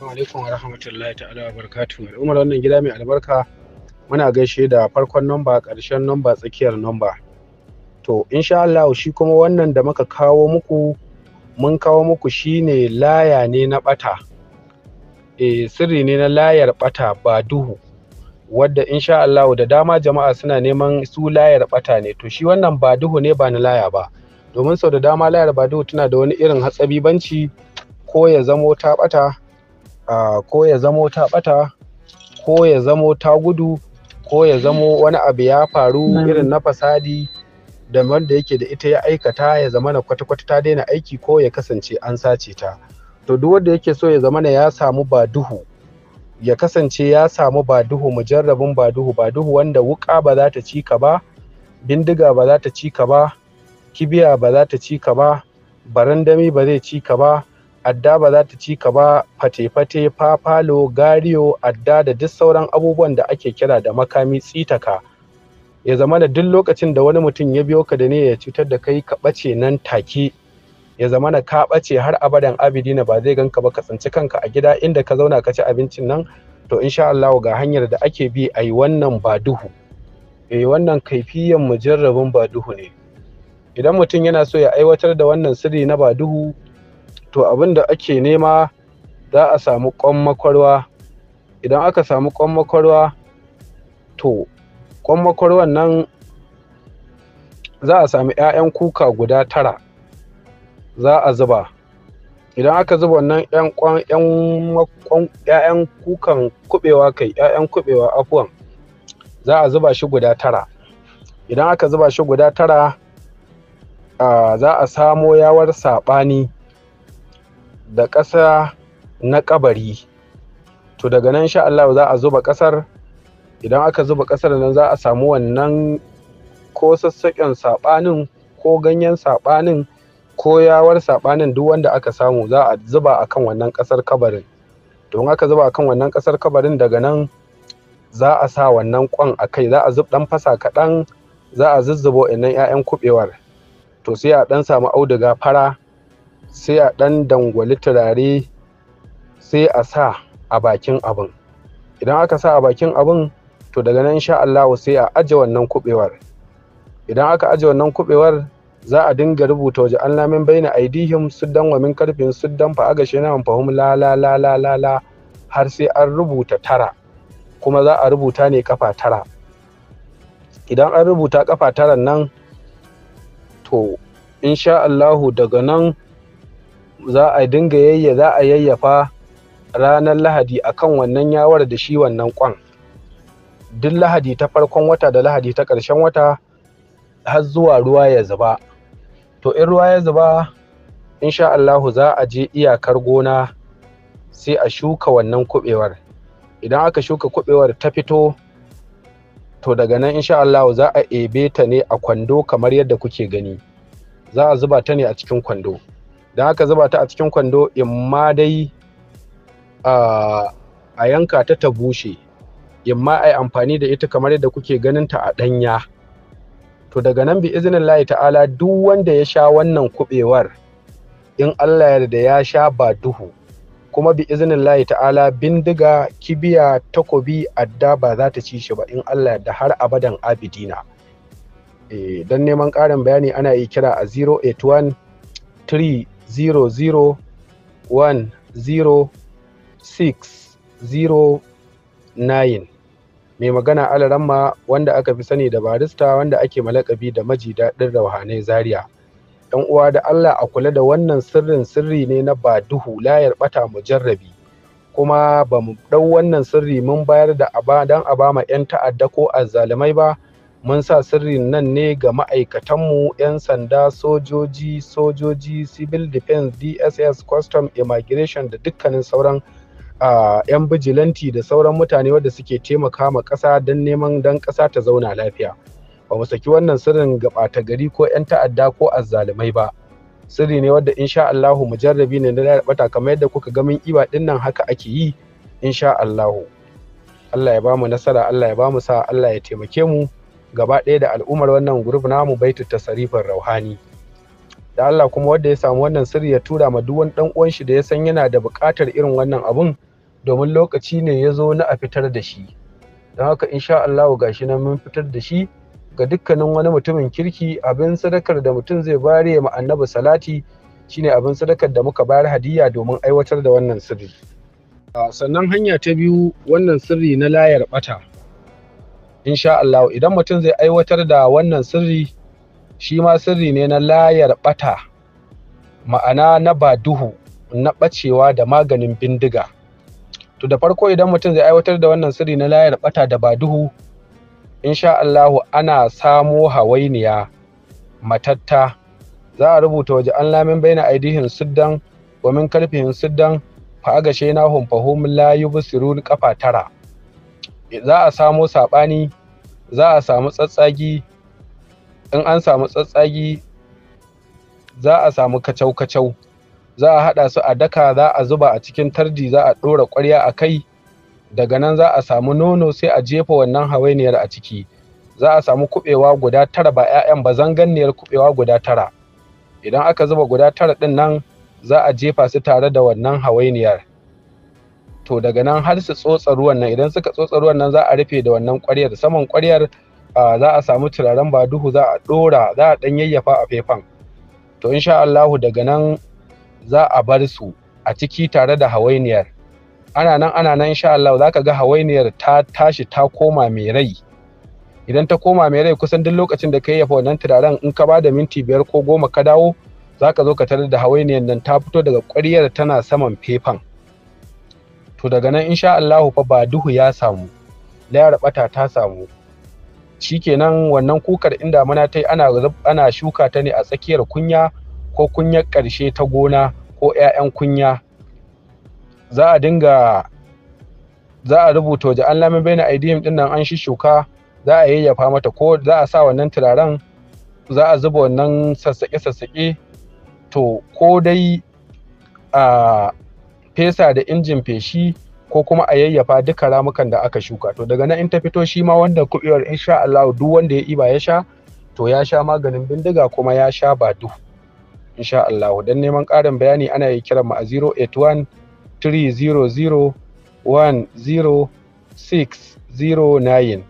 Assalamu alaikum wa rahmatullahi ta'ala wa barakatuhu. Al'ummar wannan gida mai albarka muna gaishe da farkon namba ƙarshen namba tsakiyar namba. To insha Allah shi kuma wannan da muka kawo muku mun kawo muku shine laya ne na bata. E, eh, sirri ne na layar bata ba duhu. Wadda insha Allah da dama jama'a suna neman su layar bata ne. To shi wannan ba duhu ne ba na laya ba. Domin sau da dama layar ba duhu tana da wani irin hatsabi banci ko ya zamo ta bata ko ya zamo ta ɓata ko ya zamo ta gudu ko ya zamo wani abu ya faru irin na fasadi da wanda yake da ita ya aikata ya zama na kwata-kwata ta daina aiki ko ya kasance an sace ta to duk wanda yake so ya zama na ya samu ba duhu ya kasance ya samu ba duhu mujarrabin ba duhu ba duhu wanda wuka ba za ta ci ba bindiga ba za ta ci ba kibiya ba za ta ci ba barandami ba zai cika ba adda ba za ta ci ka ba fate-fate fafalo gariyo adda da duk sauran abubuwan da ake kira da makami tsitaka ya zama da duk lokacin da wani mutum ya biyo ka da ne ya cutar da kai ka ɓace nan take ya zama na ka ɓace har abadan na ba zai ganka ba ka tsinci kanka a gida inda ka zauna ka ci abincin nan to insha Allah ga hanyar da ake bi a yi wannan ba duhu eh wannan kaifiyan mujarrabin ba duhu ne idan mutum yana so ya aiwatar da wannan sirri na ba duhu to abin da ake nema za a samu kwan makwarwa idan aka samu kwan makwarwa to kwan makwarwan nan za a sami 'ya'yan kuka guda tara za a zuba idan aka zuba wannan 'ya'yan kukan kubewa kai 'ya'yan kubewa afuwan za a zuba shi guda tara idan aka zuba shi guda tara za a samo yawar saɓani da ƙasa na ƙabari to daga nan sha Allah za a zuba ƙasar idan aka zuba ƙasar nan za a samu wannan ko sassaƙen saɓanin ko ganyen saɓanin ko yawar saɓanin duk wanda aka samu za a zuba a kan wannan ƙasar kabarin don aka zuba a kan wannan ƙasar kabarin daga nan za a sa wannan ƙwan a kai za a zub ɗan fasa kaɗan za a zuzzubo innan 'ya'yan kuɓewar to sai a ɗan samu auduga fara sai a ɗan dangwali turare sai a sa a bakin abin idan aka sa a bakin abin to daga nan sha Allah sai a aje wannan kuɓewar. idan aka aje wannan kuɓewar, za a dinga rubuta waje an lamin na aidihim su dan wamin karfin su fa aga shena an fahum la har sai an rubuta tara kuma za a rubuta ne kafa tara idan an rubuta kafa tara nan to sha Allahu daga nan za a dinga yayya za a yayyafa ranar lahadi akan wannan yawar da shi wannan kwan duk lahadi ta farkon wata da lahadi ta ƙarshen wata har zuwa ruwa ya zuba to in ruwa ya zuba insha Allahu za a je iyakar gona sai a shuka wannan kuɓewar idan aka shuka kuɓewar ta fito to daga nan insha Allahu za a ebe ta ne a kwando kamar yadda kuke gani za a zuba ta ne a cikin kwando da ka zuba ta a cikin kwando in ma dai a yanka ta ta bushe in ma a yi amfani da ita kamar yadda kuke ganin ta a ɗanya to daga nan bi izinin layi ta'ala duk wanda ya sha wannan kuɓewar in allah yarda ya sha ba duhu kuma bi izinin layi ta'ala bindiga kibiya takobi adda ba za ta ci shi ba in allah yarda har abadan abidina eh, don neman ƙarin bayani ana yi kira a 081 zero zero one zero six zero nine mai magana alaramma wanda aka fi sani da barista wanda ake malakabi da maji daɗin rauhanai zaria yan uwa da allah a kula da wannan sirrin sirri ne na ba duhu layar bata mujarrabi kuma ba mu ɗau wannan sirri mun bayar da abadan don a ba ma 'yan ta'adda ko azzalumai ba mun sa sirrin nan ne ga ma'aikatanmu 'yan sanda sojoji sojoji civil defense dss custom immigration da dukkanin sauran 'yan bijilanti da sauran mutane wadda suke taimaka ma ƙasa don neman don ƙasa ta zauna lafiya ba mu saki wannan sirrin ga ɓata gari ko 'yan ta'adda ko azzalumai ba sirri ne wadda insha Allahu mujarrabi ne na bata kamar yadda kuka ga mun iba din nan haka ake yi insha Allahu Allah ya bamu nasara Allah ya mu sa Allah ya taimake mu gaba ɗaya da al'ummar wannan group namu ta tasarifin rauhani da Allah kuma wanda ya samu wannan sirri ya tura ma duk wani dan uwan shi da ya san yana da buƙatar irin wannan abun domin lokaci ne ya zo na a fitar da shi don haka insha Allah gashi nan mun fitar da shi ga dukkanin wani mutumin kirki abin sadakar da mutum zai bare ma annabi salati shine abin sadakar da muka bayar hadiya domin aiwatar da wannan sirri sannan hanya ta biyu wannan sirri na layar bata insha Allah idan mutum zai aiwatar da wannan sirri shi ma sirri ne na layar bata ma'ana na ba duhu na bacewa da maganin bindiga to da farko idan mutum zai aiwatar da wannan sirri na layar bata da ba duhu insha Allah ana samo hawainiya matatta za a rubuta waje an lamin baina aidihin siddan wa min karfihin siddan fa agashe na hum fahum la yubsirun kafa tara za a samo saɓani za a samu tsatsagi in an samu tsatsagi za a samu kacau-kacau za a haɗa su a daka za a zuba a cikin tarji za a ɗora ƙwarya a kai daga nan za a samu nono sai a jefa wannan hawainiyar a ciki za a samu kuɓewa guda tara ba 'ya'yan ba zanganniyar kuɓewa guda tara idan aka zuba guda tara ɗin nan za a jefa su tare da wannan hawainiyar to daga nan har su tsotsa ruwan nan idan suka tsotsa ruwan nan za a rufe da wannan kwaryar. saman kwaryar za a samu turaren ba duhu za a ɗora za a ɗanyayyafa yayyafa a fefan. to insha Allahu daga nan za a bar su a ciki tare da hawainiyar ana nan ana nan insha Allah za ka ga hawainiyar ta tashi ta koma mai rai idan ta koma mai rai kusan duk lokacin da ka yayyafa wannan turaren in ka bada minti biyar ko goma ka dawo za ka zo ka tarar da hawainiyar nan ta fito daga kwaryar tana saman fefan to daga nan insha Allahu fa ba duhu ya samu layar bata ta samu shikenan wannan kukar inda muna ta ana, ana shuka ta ne a tsakiyar kunya ko kunyar ƙarshe ta gona ko 'ya'yan kunya za a dinga za a rubuta waje an lamin bai na idm din nan an shuka za a yayyafa mata ko za a sa wannan turaren za a zuba wannan sassaƙe-sassaƙe to ko dai a ah, fesa da injin feshi ko kuma a yayyafa duka ramukan da aka shuka to daga nan in ta fito shi ma wanda kuɓewar insha Allah duk wanda ya iba ya sha to ya sha maganin bindiga kuma ya sha badu insha Allah don neman ƙarin bayani ana yi kiran mu a 081 300 10609 mai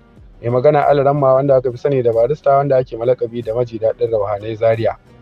magana alaramma wanda aka fi sani da barista wanda ake malakabi da maji daɗin rauhanai zaria